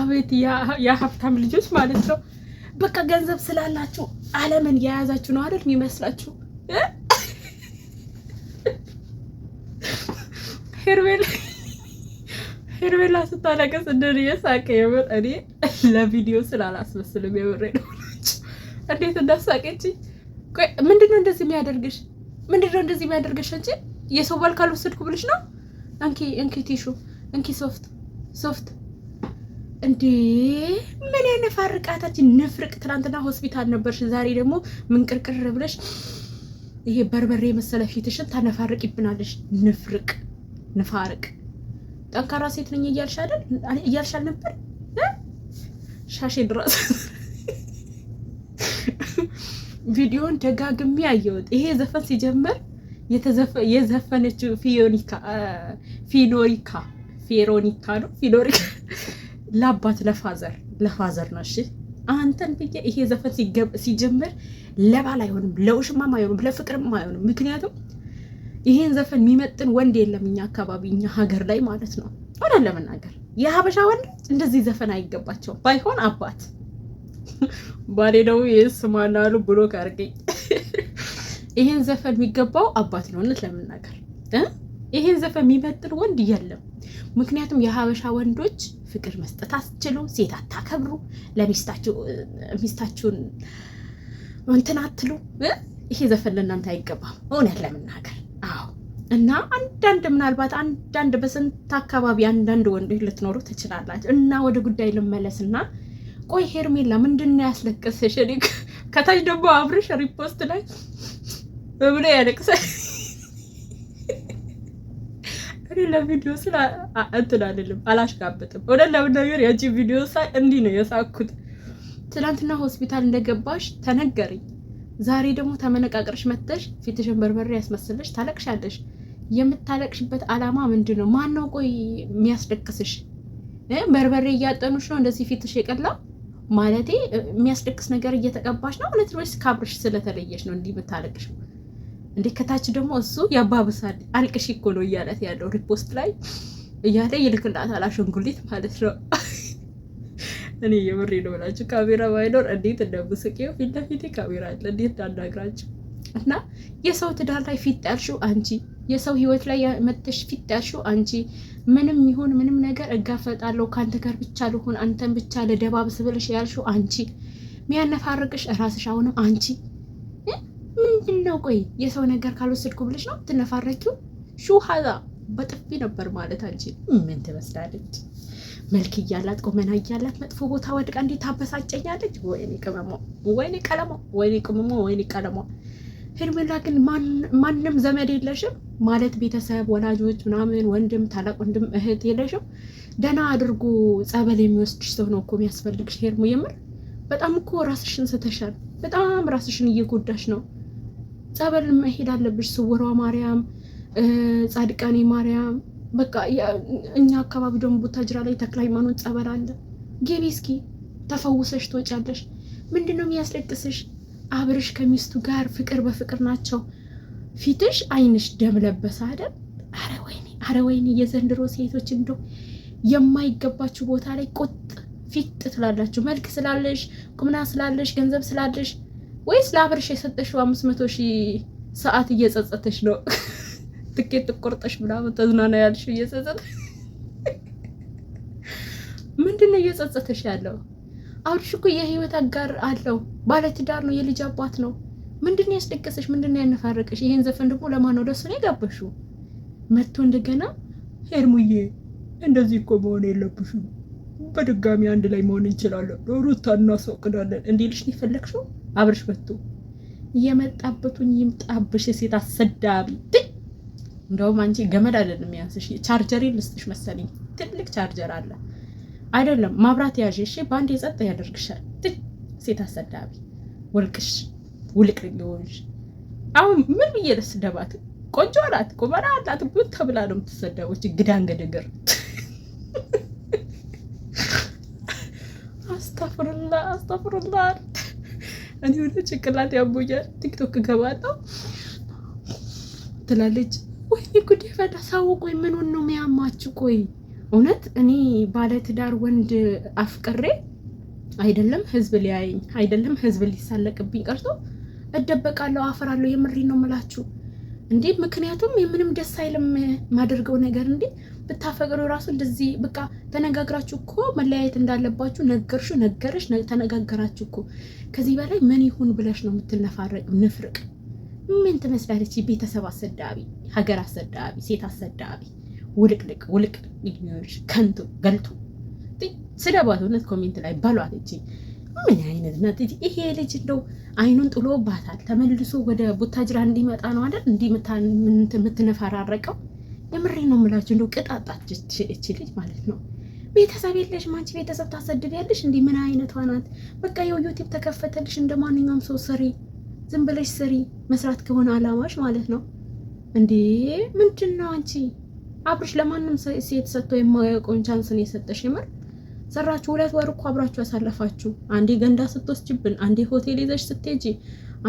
አቤት የሀብታም ልጆች ማለት ነው። በቃ ገንዘብ ስላላችሁ ዓለምን የያዛችሁ ነው አይደል የሚመስላችሁ? ሄርሜላ ስታለቀስ እንደኔ የሳቀ የምር እኔ ለቪዲዮ ስላላስመስልም የምር ነው። እንዴት እንዳሳቀች ምንድነው እንደዚህ የሚያደርግሽ? ምንድነው እንደዚህ የሚያደርግሽ? እንጂ የሰው ባል ካልወሰድኩ ብልሽ ነው። እንኪ እንኪ ቲሹ እንኪ ሶፍት ሶፍት እንዴ ምን ነፋርቃታችን ንፍርቅ። ትናንትና ሆስፒታል ነበርሽ፣ ዛሬ ደግሞ ምንቅርቅር ብለሽ ይሄ በርበሬ የመሰለ ፊትሽን ታነፋርቅ ይብናለሽ። ንፍርቅ ንፋርቅ። ጠንካራ ሴት ነኝ እያልሽ አይደል እያልሽ አልነበር? ሻሼ ድረስ ቪዲዮን ደጋግሜ አየሁት። ይሄ ዘፈን ሲጀምር የዘፈነችው ፊዮኒካ ፊኖሪካ ፌሮኒካ ነው ፊኖሪካ ለአባት ለፋዘር ለፋዘር ነው። እሺ አንተን ብዬ ይሄ ዘፈን ሲጀምር ለባል አይሆንም፣ ለውሽማም አይሆንም፣ ለፍቅርም አይሆንም። ምክንያቱም ይሄን ዘፈን የሚመጥን ወንድ የለም እኛ አካባቢ እኛ ሀገር ላይ ማለት ነው። ሆነን ለመናገር የሀበሻ ወንዶች እንደዚህ ዘፈን አይገባቸውም። ባይሆን አባት ባሌ ደግሞ ይህስ ማናሉ ብሎ ካርገኝ ይሄን ዘፈን የሚገባው አባት ነው። እውነት ለመናገር ይሄን ዘፈን የሚመጥን ወንድ የለም። ምክንያቱም የሀበሻ ወንዶች ፍቅር መስጠት አትችሉ፣ ሴት አታከብሩ፣ ለሚስታችሁን እንትን አትሉ። ይሄ ዘፈን ለእናንተ አይገባም፣ እውነት ለመናገር አዎ። እና አንዳንድ ምናልባት አንዳንድ በስንት አካባቢ አንዳንድ ወንዶች ልትኖሩ ትችላላችሁ። እና ወደ ጉዳይ ልመለስና ቆይ ሄርሜላ ምንድን ነው ያስለቀሰሽ? ከታች ደግሞ አብርሽ ሪፖስት ላይ በብለ ያለቅሰ ለቪዲዮ ስል እንትን አይደለም አላሽጋበጥም። ወደ ለምነገር ያቺ ቪዲዮ ሳይ እንዲህ ነው የሳኩት። ትናንትና ሆስፒታል እንደገባሽ ተነገረኝ። ዛሬ ደግሞ ተመነቃቅረሽ መጥተሽ ፊትሽን በርበሬ ያስመስለሽ ታለቅሻለሽ። የምታለቅሽበት ዓላማ ምንድን ነው? ማን ነው ቆይ የሚያስደክስሽ? በርበሬ እያጠኑሽ ነው እንደዚህ ፊትሽ የቀላው ማለቴ የሚያስደክስ ነገር እየተቀባሽ ነው ማለት ወይስ ካብርሽ ስለተለየሽ ነው እንዲህ የምታለቅሽ? እንዴ ከታች ደግሞ እሱ ያባብሳል። አልቅሽ እኮ ነው እያለት ያለው ሪፖስት ላይ እያለ ይልክላታል። አሻንጉሊት ማለት ነው። እኔ የምሬ ነው ብላችሁ ካሜራ ባይኖር እንዴት እንደምስቄው ፊት ለፊቴ ካሜራ አለ እንዴት እንዳናግራችሁ እና የሰው ትዳር ላይ ፊት ያልሽው አንቺ፣ የሰው ህይወት ላይ መተሽ ፊት ያልሽው አንቺ። ምንም ይሁን ምንም ነገር እጋፈጣለሁ ከአንተ ጋር ብቻ ልሆን አንተን ብቻ ለደባብስ ብለሽ ያልሽው አንቺ። ሚያነፋርቅሽ ራስሽ አሁንም አንቺ ምንድን ነው ቆይ የሰው ነገር ካልወሰድኩ ብለሽ ነው ትነፋረኪው? ሹሃዛ በጥፊ ነበር ማለት አንቺ ምን ትመስላለች? መልክ እያላት ቆመና እያላት መጥፎ ቦታ ወድቃ እንዴት ታበሳጨኛለች። ወይኔ ቅመሞ ወይኔ ቀለሟ፣ ወይኔ ቅመሞ ወይኔ ቀለሞ ሄርሜላ ግን ማንም ዘመድ የለሽም ማለት ቤተሰብ፣ ወላጆች፣ ምናምን ወንድም፣ ታላቅ ወንድም፣ እህት የለሽም። ደህና አድርጎ ጸበል የሚወስድሽ ሰው ነው እኮ የሚያስፈልግሽ ሄርሙ። የምር በጣም እኮ ራስሽን ስተሻል። በጣም ራስሽን እየጎዳሽ ነው። ጸበል መሄድ አለብሽ። ስውሯ ማርያም፣ ጻድቃኔ ማርያም። በቃ እኛ አካባቢ ደግሞ ቡታጅራ ላይ ተክለ ሃይማኖት ጸበል አለ። ጌቢ እስኪ ተፈውሰሽ ትወጫለሽ። ምንድን ነው የሚያስለቅስሽ? አብርሽ ከሚስቱ ጋር ፍቅር በፍቅር ናቸው። ፊትሽ አይንሽ ደም ለበሰ አይደል? አረ ወይኔ፣ አረ ወይኔ። የዘንድሮ ሴቶች እንደው የማይገባችሁ ቦታ ላይ ቁጥ ፊት ትላላችሁ። መልክ ስላለሽ፣ ቁምና ስላለሽ፣ ገንዘብ ስላለሽ ወይስ ለአብርሽ የሰጠሽው አምስት መቶ ሺህ ሰዓት እየጸጸተሽ ነው? ትኬት ትቆርጠሽ ምናምን ተዝናና ያልሽው እየጸጸተሽ ምንድን ነው እየጸጸተሽ ያለው? አብርሽ እኮ የህይወት አጋር አለው፣ ባለትዳር ነው፣ የልጅ አባት ነው። ምንድን ነው ያስደቀሰሽ? ምንድን ነው ያነፋረቀሽ? ይሄን ዘፈን ደግሞ ለማን ነው ደሱ ነው የጋበሽው? መጥቶ እንደገና ሄርሙዬ እንደዚህ እኮ መሆን የለብሽም በድጋሚ አንድ ላይ መሆን እንችላለን፣ ሩታ እናስወቅዳለን እንዲልሽ ነው የፈለግሽው? አብርሽ በቱ የመጣበቱን ይምጣብሽ። ሴት አሰዳቢ እንደውም አንቺ ገመድ አይደለም ያንስሽ፣ ቻርጀሪን ልስጥሽ መሰለኝ። ትልቅ ቻርጀር አለ አይደለም ማብራት ያዥ። እሺ በአንድ የጸጥ ያደርግሻል። ትች ሴት አሰዳቢ ወልቅሽ ውልቅ ሊሆንሽ። አሁን ምን ብዬ ልስደባት? ቆንጆ አላት፣ ቁመና አላት፣ ተብላ ነው የምትሰደቦች ግዳን ገድግር አስታፍርላ አስታፍርላ። እኔ ወደ ጭንቅላት ያቦኛል። ቲክቶክ እገባለሁ ትላለች። ወይኔ ጉዴ ፈላ ሰው። ቆይ ምኑን ነው የሚያማችሁ? ቆይ እውነት እኔ ባለትዳር ወንድ አፍቅሬ አይደለም ህዝብ ሊያየኝ አይደለም ህዝብ ሊሳለቅብኝ ቀርቶ እደበቃለሁ፣ አፈራለሁ። የምሬ ነው የምላችሁ እንዴ። ምክንያቱም የምንም ደስ አይልም ማደርገው ነገር እንዴ። ብታፈቅሩ ራሱ እንደዚህ በቃ ተነጋግራችሁ እኮ መለያየት እንዳለባችሁ ነገርሹ ነገረሽ ተነጋገራችሁ እኮ። ከዚህ በላይ ምን ይሁን ብለሽ ነው የምትነፋረቅ ንፍርቅ ምን ትመስላለች? ቤተሰብ አሰዳቢ፣ ሀገር አሰዳቢ፣ ሴት አሰዳቢ፣ ውልቅልቅ ውልቅልቅ ከንቱ ገልቱ ስደባት እውነት ኮሜንት ላይ በሏት። እቺ ምን አይነት ናት? ይሄ ልጅ እንደው አይኑን ጥሎባታል። ተመልሶ ወደ ቡታጅራ እንዲመጣ ነው አይደል? እንዲህ የምትነፈራረቀው። የምሬ ነው የምላችሁ። እንደው ቅጣጣች እቺ ልጅ ማለት ነው። ቤተሰብ የለሽም አንቺ ቤተሰብ ታሰድቢያለሽ እንዲህ ምን አይነቷ ናት? በቃ የው ዩቲብ ተከፈተልሽ እንደ ማንኛውም ሰው ስሪ፣ ዝም ብለሽ ስሪ። መስራት ከሆነ አላማሽ ማለት ነው። እንዴ ምንድን ነው አንቺ አብርሽ ለማንም ሴት ሰጥቶ የማያውቀውን ቻንስን የሰጠሽ ይምር ሰራችሁ። ሁለት ወር እኮ አብራችሁ ያሳለፋችሁ። አንዴ ገንዳ ስትወስጅብን፣ አንዴ ሆቴል ይዘሽ ስትሄጂ፣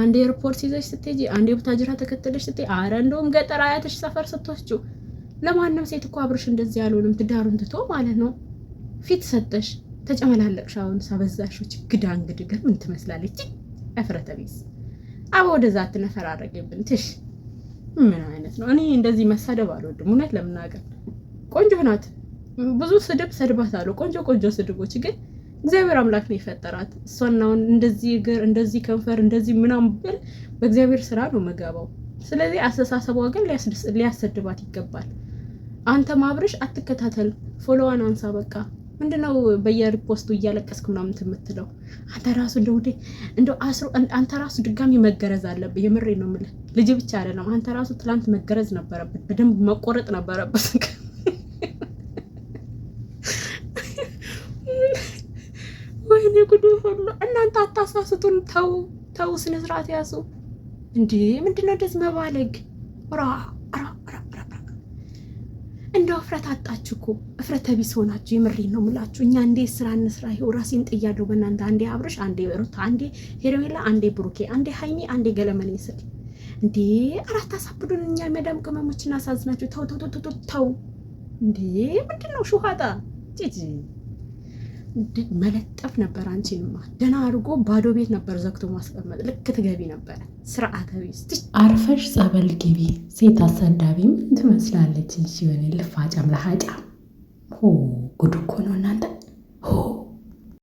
አንዴ ኤርፖርት ይዘሽ ስትሄጂ፣ አንዴ ቡታጅራ ተከተለሽ ስትሄጂ፣ አረ እንደውም ገጠር አያትሽ ሰፈር ስትወስጂው። ለማንም ሴት እኮ አብርሽ እንደዚህ ያልሆንም ትዳሩን ትቶ ማለት ነው። ፊት ሰጠሽ፣ ተጨመላለቅሽ። አሁን ሳበዛሽው ችግዳ እንግድ ገር ምን ትመስላለች? እፍረተ ቢስ አበ ወደዛ ትነፈራረገብን ትሽ ምን አይነት ነው? እኔ እንደዚህ መሳደብ አልወድም። እውነት ለምናገር ቆንጆ ናት። ብዙ ስድብ ሰድባት አሉ። ቆንጆ ቆንጆ ስድቦች ግን እግዚአብሔር አምላክ ነው የፈጠራት። እሷናውን እንደዚህ እግር፣ እንደዚህ ከንፈር፣ እንደዚህ ምናምን ብል በእግዚአብሔር ስራ ነው መገባው። ስለዚህ አስተሳሰቧ ግን ሊያሰድባት ይገባል። አንተ ማብረሽ አትከታተል፣ ፎሎዋን አንሳ በቃ። ምንድነው በየሪፖስቱ እያለቀስክ ምናምን የምትለው አንተ ራሱ እንደው እንደ አስሮ አንተ ራሱ ድጋሚ መገረዝ አለብህ። የምሬ ነው የምልህ። ልጅ ብቻ አይደለም አንተ ራሱ ትላንት መገረዝ ነበረበት፣ በደንብ መቆረጥ ነበረበት። ወይኔ ጉድ ሁሉ እናንተ አታሳስቱን። ተው ተው፣ ስነስርዓት ያዙ። እንዴ ምንድነው እንደዚህ መባለግ ራ እንደው እፍረት አጣችሁ እኮ እፍረት ቢስ ሆናችሁ፣ የምሬን ነው ምላችሁ። እኛ እንዴ ስራ እንስራ፣ ይኸው ራሴን ጥያለሁ በእናንተ። አንዴ አብረሽ፣ አንዴ ሩታ፣ አንዴ ሄርሜላ፣ አንዴ ብሩኬ፣ አንዴ ሀይሚ፣ አንዴ ገለመኔ ስል እንዴ አራት አሳብዱን። እኛ መዳም ቅመሞች እናሳዝናችሁ። ተው ተው ተው ተው እንዴ ምንድን ነው ሹሃጣ ጂጂ መለጠፍ ነበር። አንቺ አንቺንማ ደህና አድርጎ ባዶ ቤት ነበር ዘግቶ ማስቀመጥ። ልክ ትገቢ ነበረ። ስርዓተ ቢስ አርፈሽ ጸበል ግቢ። ሴት አሰዳቢም ትመስላለች። ሲሆን ልፋጫም ለሀጫ ጉድ እኮ ነው እናንተ